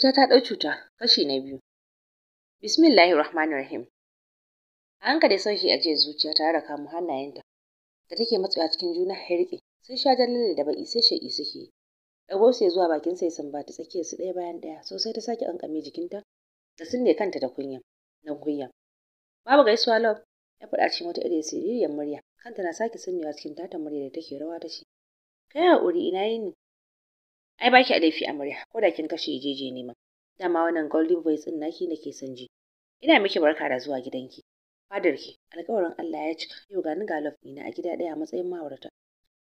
cuta ta ɗau cuta kashi na biyu bismillahi rahmanir rahim a hankali sauki a jiya zuciya tare da kamun hannayenta da take matsuwa cikin juna ya riƙe sun sha jallalle da ba sai shaƙi suke ɗago sai zuwa bakin sai sun bata tsakiyar su ɗaya bayan ɗaya sosai ta sake ƙanƙame jikinta da sun ne kanta da kunya na kunya babu gaisuwa lau ya faɗa ce mata irin siririyar murya kanta na sake sunnewa cikin tata murya da take rawa ta ce kai haƙuri ina yini ai baki a laifi amarya ko da kin kashe jeje ma dama wannan golden voice din naki nake son ji ina miki barka da zuwa gidanki fadarki alƙawarin Allah ya cika yau ga ni ga love ɗina a gida daya matsayin ma'aurata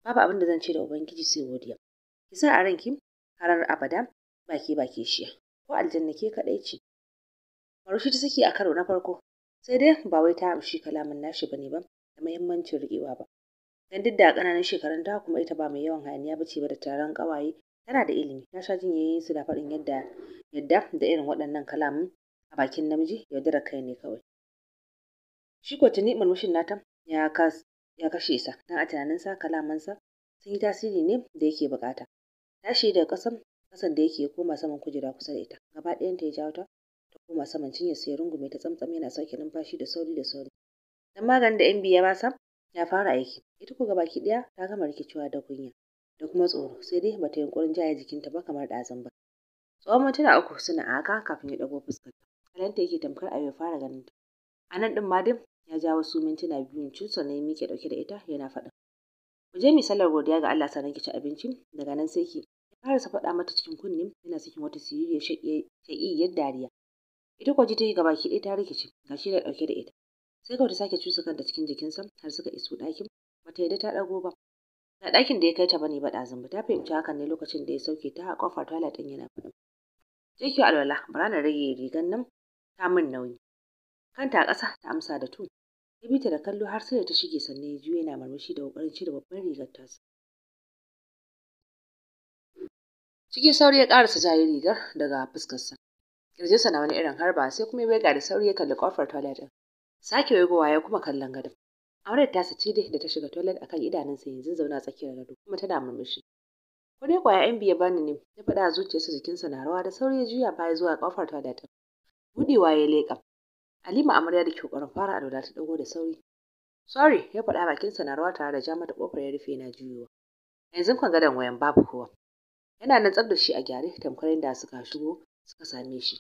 babu abin da zan ce da ubangiji sai godiya ki sa a ranki harar abada baki baki shi. ko aljanna ke kaɗai ce marushi ta saki a karo na farko sai dai ba wai ta amshi kalamin nashi bane ba da muhimmancin riƙewa ba dan duk da ƙananan shekarun ta kuma ita ba mai yawan hayaniya bace ba da taron ƙawaye Yana da ilimi, ya sha jin yayin su da faɗin yadda yadda da irin waɗannan kalamun a bakin namiji yaudarar kai ne kawai. Shi ko tuni murmushin nata ya ya kashe sa, dan a kalaman sa sun yi tasiri ne da yake bukata. Tashi daga ƙasan ƙasan da yake koma saman kujera kusa da ita, gaba ɗayan ta ya jawo ta ta koma saman cinya sai rungume ta tsamtsam yana sauke numfashi da sauri da sauri. Dan maganin da MB ya basa ya fara aiki, ita ko ki ɗaya ta gama rikicewa da kunya. da kuma tsoro sai dai bata yunkurin jaye jikinta ba kamar ɗazun ba tsawon na uku suna a haka kafin ya ɗago fuskar kalanta yake tamkar abin ya fara ganin ta a nan ɗin ma dai ya ja wasu mintuna biyun cusa ne muke ɗauke da ita yana faɗa. ku je mi sallar godiya ga Allah sannan ki ci abinci daga nan sai ki ya fara sa faɗa mata cikin kunne yana sakin wata siririyar shaƙiyyar dariya ita kwaji ta yi gaba ki ɗaya ta rikice ga shi da ɗauke da ita sai kawai ta sake cusa kanta cikin jikinsa har suka iso ɗakin bata yadda ta ɗago ba Na ɗakin da ya kai ta bane ba ɗazun ta fahimci hakan ne lokacin da ya sauke ta a ƙofar toilet ɗin yana faɗin. Je alwala, bara na rage rigar nan ta min nauyi. Kanta a ƙasa ta amsa da tu. Ya bi ta da kallo har sai da ta shige sannan ya juyo yana murmushi da ƙoƙarin cire babban rigar tasa. Cikin sauri ya ƙarasa jayi rigar daga fuskarsa. Kirjinsa na wani irin harba sai kuma ya ga da sauri ya kalli ƙofar toilet ɗin. Sake waigowa ya kuma kallon gadon. Auren ta ce dai da ta shiga toilet akan idanunsa yanzu zauna tsakiyar gado kuma tana murmushi. Ko dai kwaya yan biya bani ne ya faɗa a zuciyarsa jikinsa na rawa da sauri ya juya baya zuwa kofar toilet ɗin. Buɗewa ya leƙa. Halima amarya da ke fara alwala ta ɗago da sauri. Sorry ya faɗa bakinsa na rawa tare da ja mata ƙofar ya rufe yana juyowa. Yanzu kan gadon wayan babu kowa. Yana nan tsar da shi a gyare tamkar yadda suka shigo suka same shi.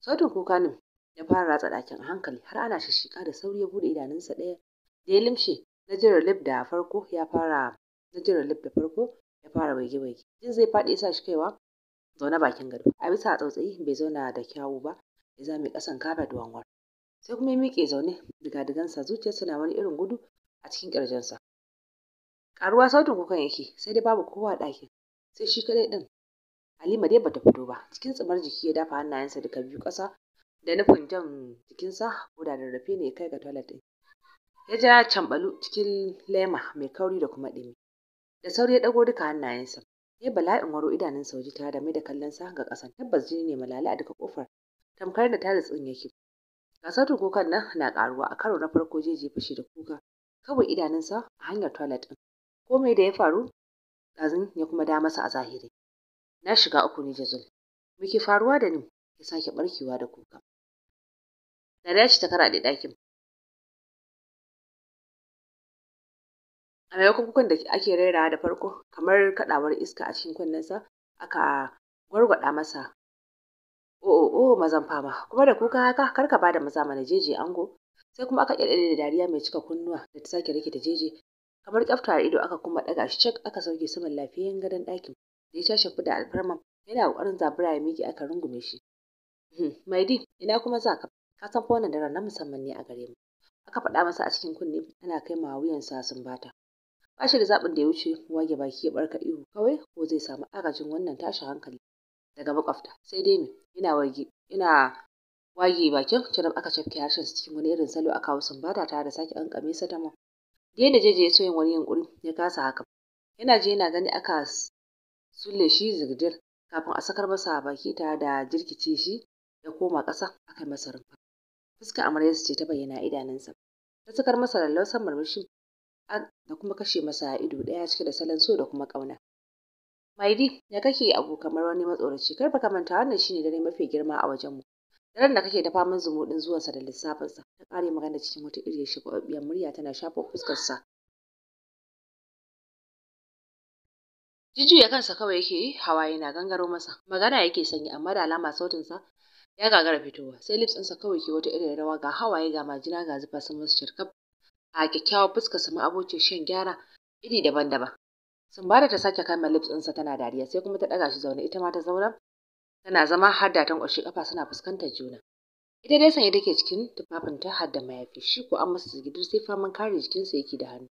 Sautin kuka ne ya fara ratsa ɗakin a hankali har ana shishshika da sauri ya buɗe idanunsa ɗaya da ya limshe na jiralib da farko ya fara na da farko ya fara waige waige jin zai faɗi sa shi kaiwa zaune bakin gado a bisa tsautsayi bai zauna da kyawu ba ya zame kasan da wanwar sai kuma ya miƙe zaune digadigansa zuciya suna wani irin gudu a cikin ƙirjinsa ƙaruwa sautin kukan yake sai dai babu kowa a ɗakin sai shi kaɗai ɗin halima dai bata fito ba cikin tsimar jiki ya dafa hannayensa duka biyu ƙasa da nufin jan jikinsa ko da rarrafe ne ya kai ga toilet ɗin ya ja canɓalu cikin lema mai kauri da kuma ɗumi da sauri ya ɗago duka hannayensa ya bala'in waro idanunsa waje da mai da kallon sa ga ƙasa tabbas jini ne malala a duka kofar. tamkar da ta tsin yake ga sautin kukan nan na ƙaruwa a karo na farko zai je fushi da kuka kawai idanunsa a hanyar toilet ɗin komai da ya faru ɗazun ya kuma da masa a zahiri na shiga uku ne jazul muke faruwa da ni ya sake barkewa da kuka da ce ta da ɗakin a maimakon kukan da ake rairawa da farko kamar kaɗawar iska a cikin kunnensa aka gwargwada masa o oh, oh, oh, mazan fama kuma da kuka haka kar ka bada maza mana jeje ango sai kuma aka kirkire da dariya mai cika kunnuwa da ta sake da jeje kamar kyafta ido aka kuma daga shi cak aka sauke saman lafiyan gadon ɗakin da ya tashi da alfarman yana kokarin zabura ya miki aka rungume shi mai hmm, di ina kuma za ka ka san fa wannan ran na musamman ne a gare mu aka faɗa masa a cikin kunne ana kai ma wuyan sa sun bata ba da zaɓin da ya wuce wage baki ya barka ihu kawai ko zai samu agajin wannan tashin hankali daga makwabta sai dai me yana wage yana wage bakin canab aka cafke harshen su cikin wani irin salo aka hausan ba da tare da sake an kame sa ta ma da jeje ya so wani yunkuri ya kasa haka yana je yana gani aka sulle shi zigdir kafin a sakar masa baki ta da jirkice shi ya koma ƙasa aka masa rumfa fuskar su ce ta bayyana idanunsa ta sakar masa lallausan murmushi da kuma kashe masa ido ɗaya cike da salon so da kuma ƙauna. Maidi, ya kake abu kamar wani matsoraci, kar ka manta wannan shine dare mafi girma a wajenmu. Daren da kake da faman zumuɗin zuwansa da lissafinsa, ta ƙare magana cikin wata iriyar shagwabbiyar murya tana shafa fuskarsa. Jijjuya kansa kawai yake yi, hawa yana gangaro masa, magana yake sanyi amma da alama sautinsa ya gagara fitowa, sai lips ɗinsa kawai ke wata irin rawa ga hawaye ga majina ga zufa sun masu cirkaf a kyakkyawar fuskarsa abokin shan gyara iri daban-daban sumbada ta sake kama lips ɗinsa tana dariya sai kuma ta ɗaga shi zaune ita ma ta zauna tana zama har da tankwashe kafa suna fuskantar juna ita dai sanye take cikin tufafinta har da mayafi shi ko an masa zigidir sai faman kare jikinsa yake da hannu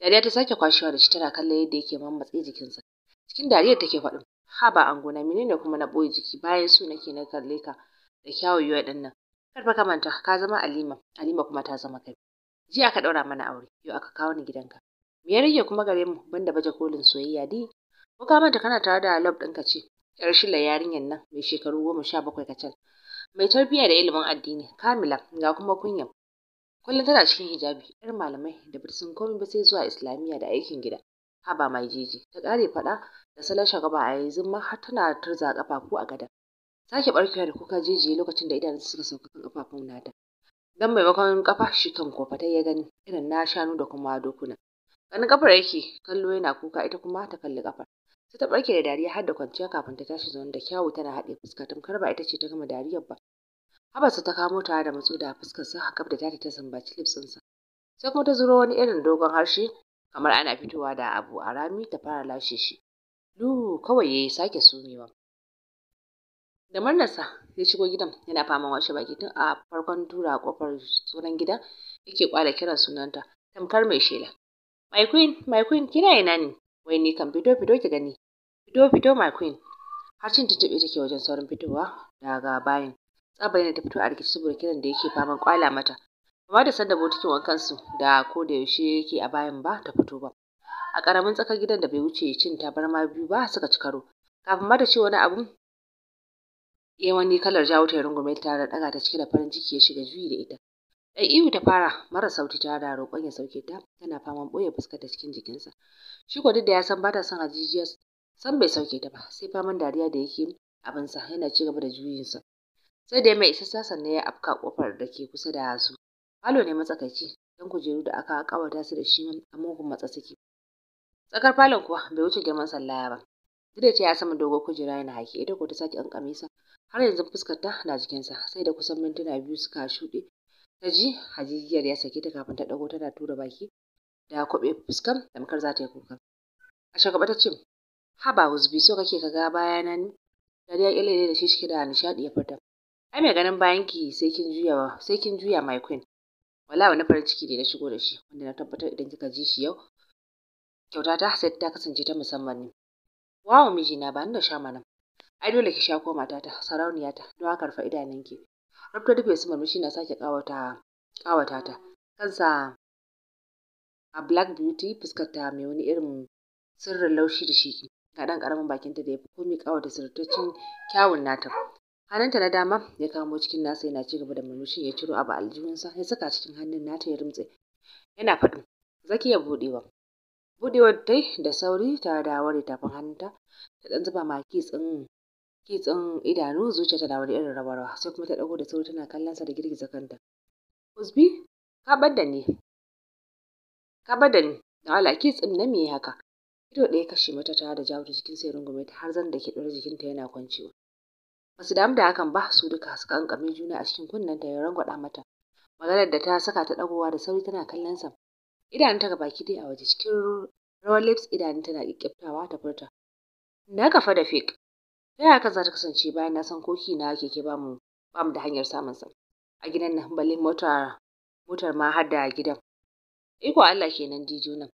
dariya ta sake kwashewa da shi tana kallon yadda yake mammatse jikinsa cikin dariyar take faɗin ha ba gona menene kuma na ɓoye jiki bayan su nake na kalle ka da kyawu yau ɗin nan kar ka manta ka zama alima alima kuma ta zama kai jiya ka ɗaura mana aure yau aka kawo ni gidanka me ya rage kuma gare mu banda baje kolin soyayya di ko ka manta kana tare da lab ka ce yar shila yarinyar nan mai shekaru goma sha bakwai kacal mai tarbiyya da ilimin addini kamila ga kuma kunya kullum tana cikin hijabi yar malamai da bata sun komai ba sai zuwa islamiyya da aikin gida haba mai jeji ta ƙare faɗa da salon shagaba a yanzu ma har tana turza ƙafafu a gada sake barkewa da kuka jejiye lokacin da idanunsa suka sauka kan ƙafafun nata don maimakon kafa shi kan tankwafatai ya gani irin na shanu da kuma dokuna ganin kafar yake kallo yana kuka ita kuma ta kalli kafar sai ta barke da dariya har da kwanciya kafin ta tashi zaune da kyawu tana haɗe fuska tamkar ba ita ce ta gama dariyar ba habasa ta kamo ta da matsu da fuskar sa haka da tata ta sambaci sa sai kuma ta zuro wani irin dogon harshe kamar ana fitowa da abu a rami ta fara lashe shi duhu kawai ya sake sumewa da murnarsa ya shigo gidan yana fama washe baki tun a farkon tura kofar sunan gidan yake kwala kiran sunanta tamkar mai shela my queen my queen kina ina ne wai ni kan fito fito ki gani fito fito my queen har cin tuntube take wajen saurin fitowa daga bayan ne ta fito a rikici saboda kiran da yake faman kwala mata amma da sanda bokitin wankan su da ko da yaushe yake a bayan ba ta fito ba a karamin tsakar gidan da bai wuce cin tabarma biyu ba suka ci karo kafin ma da ce wani abu ya eh, wani kalar jawo ta rungume ta da daga ta cike da farin ciki ya shiga juyi da ita dan iyu ta fara mara sauti ta da roƙon ya sauke ta tana faman boye fuskar ta cikin jikinsa shi ko da ya san bata son hajijiya san bai sauke ta ba sai faman dariya da yake sa yana ci gaba da sa sai da ya mai isa ne ya afka kofar da ke kusa da su falo ne matsakaici dan kujeru da aka kawata su da shi a mugun matsa suke tsakar falon kuwa bai wuce girman sallaya ba duk da ya sama dogo kujera yana haƙi ita ko ta sake an kamisa har yanzu fuskarta na jikinsa sai da kusan mintuna biyu suka shuɗe ta ji hajijiyar ya sake ta kafin ta ɗago tana tura baki da kwaɓe fuskar tamkar za ta yi kuka a shagaba ta ce haba husbi so kake ka ga bayana ni dariya ƙyalele da shi cike da nishaɗi ya fita ai mai ganin bayan ki sai kin juya sai kin juya my wala wani farin ciki ne na shigo da shi wanda na tabbatar idan kika ji shi yau kyauta ta sai ta kasance ta musamman ne wawo mijina ba ni da sha manan ai dole ki sha ko matata sarauniya ta don haka rufe idanunki rab ta rufe su murmushi na sake kawata kawata ta kansa a black beauty fuskar ta mai wani irin sirrin laushi da shiki ga dan karamin bakin ta da ya fi komai kawata sirtaccen kyawun nata hannunta na dama ya kamo cikin nasa yana ci gaba da murmushi ya ciro abu aljihunsa ya saka cikin hannun nata ya rumtse yana faɗin zaki ya buɗewa buɗewar dai da sauri ta da ware, tafin hannunta ta ɗan zuba maki tsin kitson idanu zuciya ta dawo da irin rawarwa, sai kuma ta dago da sauri tana kallon sa da girgiza kanta Usbi ka bar ni ka bar ni da Allah kitsin na me haka ido ɗaya kashe mata ta da jawo jikin sai rungume ta har zan da ke jikin jikinta yana kwancewa ba su damu da hakan ba su duka su kankame juna a cikin ta ya rangwada mata maganar da ta saka ta dagowa da sauri tana kallon sa idanun ta baki dai a waje cikin rawar lips idanun tana kikkiftawa ta furta na kafa da fake ta yaya ta kasance bayan na san koki na keke ba mu ba da hanyar samun sa a gidan nan balle motar motar ma har a gidan iko Allah kenan dijo nan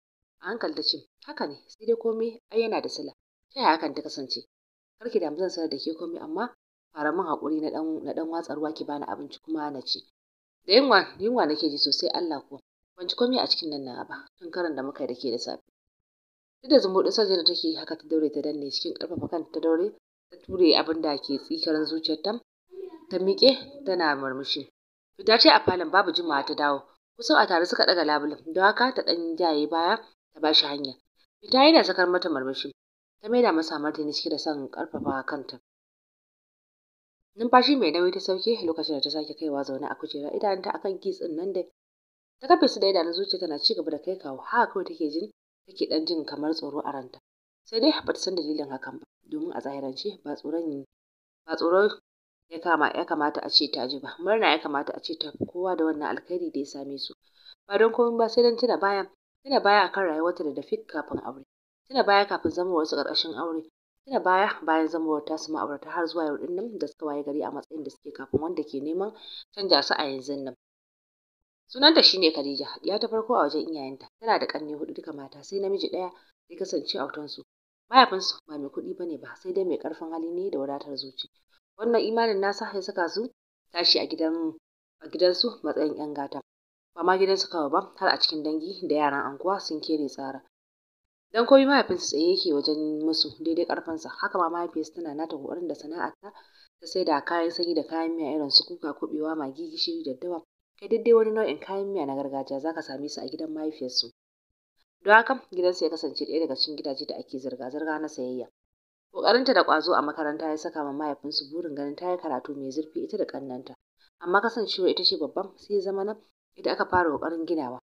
a hankali ta ce haka ne sai dai komai ai yana da sala ta yaya hakan ta kasance Kar ki damu zan sanar da ke komai amma fara mun hakuri na dan na dan watsa ruwa ki bani abinci kuma na ci da yunwa yunwa nake ji sosai Allah ko ban ci komai a cikin nan na ba tun karan da muka yi da ke da safe duk da zumuɗin da take haka ta daure ta danne cikin ƙarfafa kanta ta daure ta ture abin da ke tsikarin zuciyarta ta miƙe tana murmushi fita ce a falon babu jimawa ta dawo kusan a tare suka daga labulen don haka ta ɗan jaye baya ta ba shi hanya fita yana sakar mata murmushi ta maida masa martini cike da son karfafa kanta numfashi mai nauyi ta sauke lokacin da ta sake kaiwa zaune a kujera idanunta akan kitsin nan da ta kafe su da idanun zuciya tana ci gaba da kai kawo haka kawai take jin take dan jin kamar tsoro a ranta sai dai ba ta san dalilin hakan ba domin a zahirance ba tsoron ba tsoron ya kama ya kamata a ce ta ji ba murna ya kamata a ce ta kowa da wannan alkhairi da ya same su ba don komai ba sai dan tuna baya tuna baya akan rayuwarta da dafi kafin aure tuna baya kafin zama wasu ƙarƙashin aure tuna baya bayan zama ta su ma'aurata har zuwa yau nan da suka waye gari a matsayin da suke kafin wanda ke neman canja su a yanzu nan sunanta shine Khadija ya ta farko a wajen iyayenta tana da kanne hudu duka mata sai namiji daya ya kasance a su Mahaifinsu ba mai kuɗi ba ne ba, sai dai mai ƙarfin hali ne da wadatar zuci. Wannan imanin nasa ya saka su tashi a gidan a gidansu matsayin 'yan gata. Ba ma gidansu kawai ba, har a cikin dangi da yaran anguwa sun kere tsara. Dan komai mahaifinsu tsaye yake wajen musu daidai ƙarfinsa, haka ma mahaifiyarsa tana nata ƙoƙarin da sana'arta ta sai da kayan sanyi da kayan miya irin su kuka, kuɓewa, magi, gishiri, da daddawa. Kai duk wani nau'in kayan miya na gargajiya zaka same su a gidan mahaifiyarsu. don haka gidansa ya kasance ɗaya daga cikin gidaje da ake zirga-zirga na sayayya ƙoƙarinta da ƙwazo a makaranta ya saka ma mahaifinsu burin ganin ta yi karatu mai zurfi ita da ƙannanta amma kasancewa ita ce babban sai zama nan ita aka fara ƙoƙarin ginawa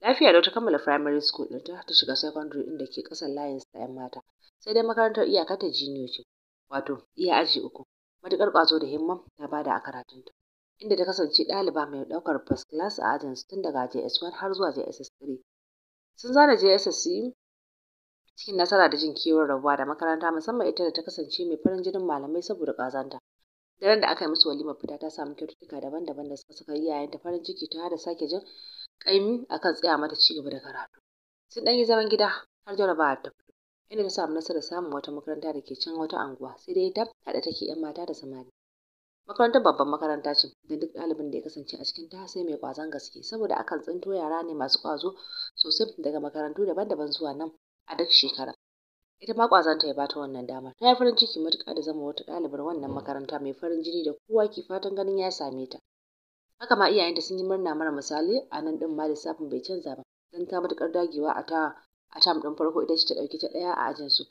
lafiya da ta kammala firamare school ɗin ta ta shiga secondary inda ke ƙasan layin sa ‘yan mata sai dai makarantar iyaka ta jiniyo ce wato iya aji uku matuƙar ƙwazo da himma ta bada a karatunta inda ta kasance ɗaliba mai ɗaukar first class a ajinsu tun daga JS1 har zuwa js 3 sun zana JSS cikin nasara da jin kewar rabuwa da makaranta musamman ita da ta kasance mai farin jinin malamai saboda ƙazanta. Daren da aka yi musu walimar fita ta samu kyaututtuka daban-daban da suka saka iyayenta farin ciki ta da sake jin ƙaimi akan tsaya mata ci gaba da karatu. Sun ɗan yi zaman gida har jaraba ta fito, inda ta samu nasarar samun wata makaranta da ke can wata anguwa, sai dai ta haɗa take ‘yan mata da samari. Makarantar babban makaranta ce da duk ɗalibin da ya kasance a cikin ta sai mai ƙwazon gaske saboda akan tsinto yara ne masu ƙwazo sosai daga makarantu daban-daban zuwa nan a duk shekara. Ita ma ta ya bata wannan dama Ta yi farin ciki matuƙa da zama wata ɗalibar wannan makaranta mai farin jini da kowa ke fatan ganin ya same ta. Haka ma iyayenta sun yi murna mara misali a nan ɗin ma lissafin bai canza ba don ta matuƙar dagewa a ta a tam ɗin farko ita ce ta ɗauki ta ɗaya a ajinsu.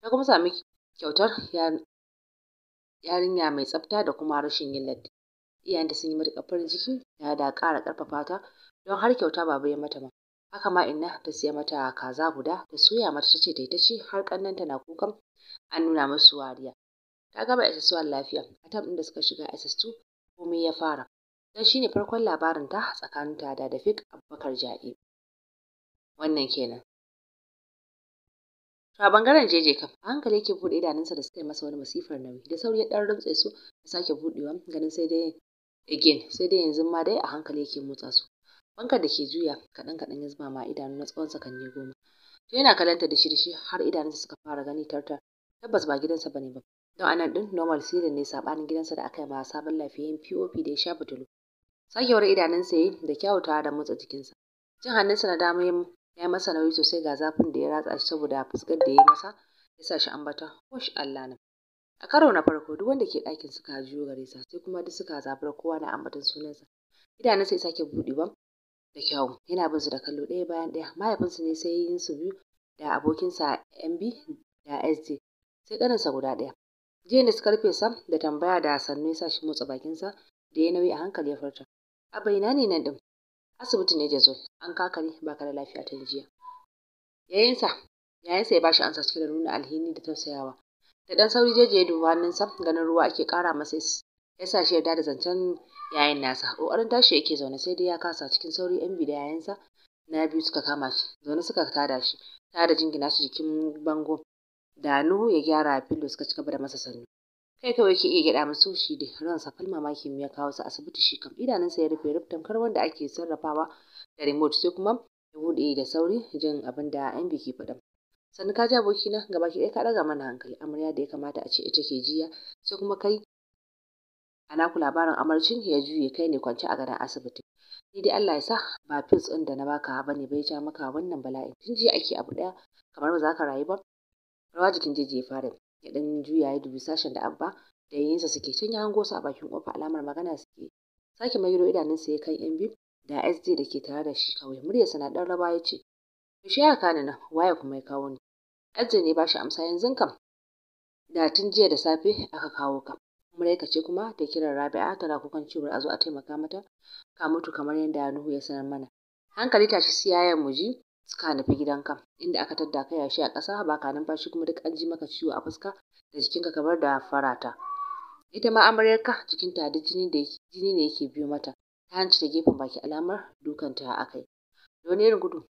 Ta kuma sami kyautar yarinya mai tsafta da kuma rashin yin latti iyayenta sun yi matuƙar farin ciki da da ƙara ƙarfafa ta don har kyauta baba ya mata ma haka ma inna ta siya mata kaza guda ta suya mata ta ce ta yi ta ci har ƙannenta na kukan an nuna musu wariya ta gaba ss1 lafiya a tam da suka shiga ss2 komai ya fara don shine farkon labarin ta tsakanin ta da Dafik Abubakar Ja'i wannan kenan to a bangaren jeje kam a hankali yake bude idanunsa da suka yi masa wani masifar nauyi da sauri ya dan rutse su ya sake budewa ganin sai dai again sai dai yanzu ma dai a hankali yake motsa su bankar da ke juya kaɗan kaɗan ya zuba ma idanu na tsawon sakanni goma to yana kalanta da shirshi har idanunsa suka fara gani tartar tabbas ba gidansa bane ba don anan din normal sirin ne sabanin gidansa da aka yi ba sabon lafiyayyen pop da ya sha fitilu sakewar idanunsa ya yi, da kyautawa da motsa jikinsa jin hannunsa na dama ya ya yi masa nauyi sosai ga zafin da ya ratsa shi saboda fuskar da ya yi masa ya sa shi ambata ko Allah na a karo na farko duk wanda ke ɗakin suka juyo gare sa sai kuma duk suka zafar kowa na ambatan sunansa idanunsa ya sake buɗewa da kyau yana bin su da kallo ɗaya bayan ɗaya mahaifinsu ne sai yin su biyu da abokinsa MB da SD sai ƙaninsa guda ɗaya su karfe sa da tambaya da sannu ya sa shi motsa bakinsa da ya nauyi a hankali ya farta a na ne nan ɗin asibiti ne jazol an kakare ba ka da lafiya ta jiya yayinsa yayinsa ya bashi ansa cike da nuna alhini da tausayawa da dan sauri jeje ya duba hannunsa ganin ruwa ake kara masa ya sa shi yarda da zancen yayin nasa kokarin tashi yake zaune sai dai ya kasa cikin sauri yan da yayansa na biyu suka kama shi zaune suka tada shi tada jingina shi jikin bango da nuhu ya gyara filo suka cigaba da masa sannu kai kawai ke iya gyaɗa musu shi da ransa fal mamakin ya kawo su asibiti shi kam idanunsa ya rufe ruftan karwar da ake sarrafawa da remote sai kuma ya buɗe da sauri jin abin da an biki fada sannan ka ji abokina gaba ki ka daga mana hankali amarya da ya kamata a ce ita ke jiya sai kuma kai a naku labarin amarcin ya juye kai ne kwance a gadon asibiti ni dai Allah ya sa ba fils ɗin da na baka ba ne bai ja maka wannan bala'in tun jiya ake abu ɗaya kamar ba za ka rayu ba rawa jikin jeji ya fara ya ɗan juya ya dubi sashen da abba da yayinsa suke can ya hango su a bakin kofa alamar magana suke sake idanun idanunsa ya kan yan biyu da sd da ke tare da shi kawai muryarsa na ɗan raba ya ce shi ya kana nan waye kuma ya kawo ni sd ne ba shi amsa yanzu kam da tun jiya da safe aka kawo ka Mulaika ce kuma ta kiran Rabi'a tana kukan cewar a zo a taimaka mata ka mutu kamar yadda Nuhu ya sanar mana. Hankali tashi siyayen mu ji suka nufi gidanka inda aka tadda ka yashi a ƙasa ba ka numfashi kuma duk an ji maka ciwo a fuska da jikinka kamar da farata ita ma amaryarka jikinta duk jini da jini ne yake biyo mata ta hanci da gefen baki alamar dukanta a kai da wani irin gudu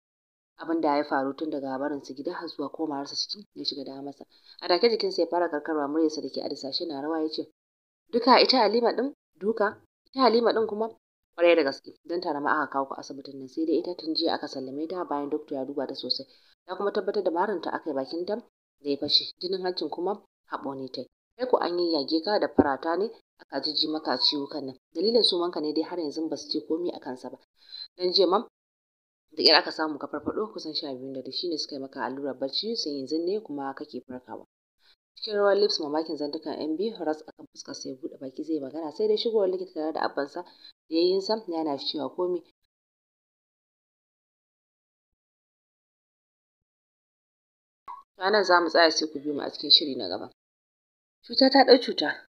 abin da ya faru tun daga su gida zuwa komawarsa ciki ya shiga da masa a take jikinsa ya fara karkarwa muryarsa da ke a dasashe na rawa ya ce duka ita halima ɗin duka ita halima din kuma Kwarai da gaske, don tare ma aka kawo ku asibitin nan sai dai ita tun jiya aka sallame ta bayan dokta ya duba ta sosai. Ta kuma tabbatar da barin ta aka yi bakin ta da fashe, jinin hancin kuma haɓo ne ta. Kai ko an yi yage ka da farata ne aka jijji maka kan nan. Dalilin ka ne dai har yanzu ba su ce komai a kansa ba. Dan jiya ma da ƙyar aka samu ka farfaɗo kusan sha biyun da shi ne suka yi maka allurar barci sai yanzu ne kuma kake farkawa. cikin rawar lips mamakin zantukan yan biyu ras akan fuska, sai buɗe baki zai magana sai dai shigowar likita tare da yayinsa yana cewa komai ranar za mu tsaya sai ku biyo mu a cikin shiri na gaba cuta ta ɗau cuta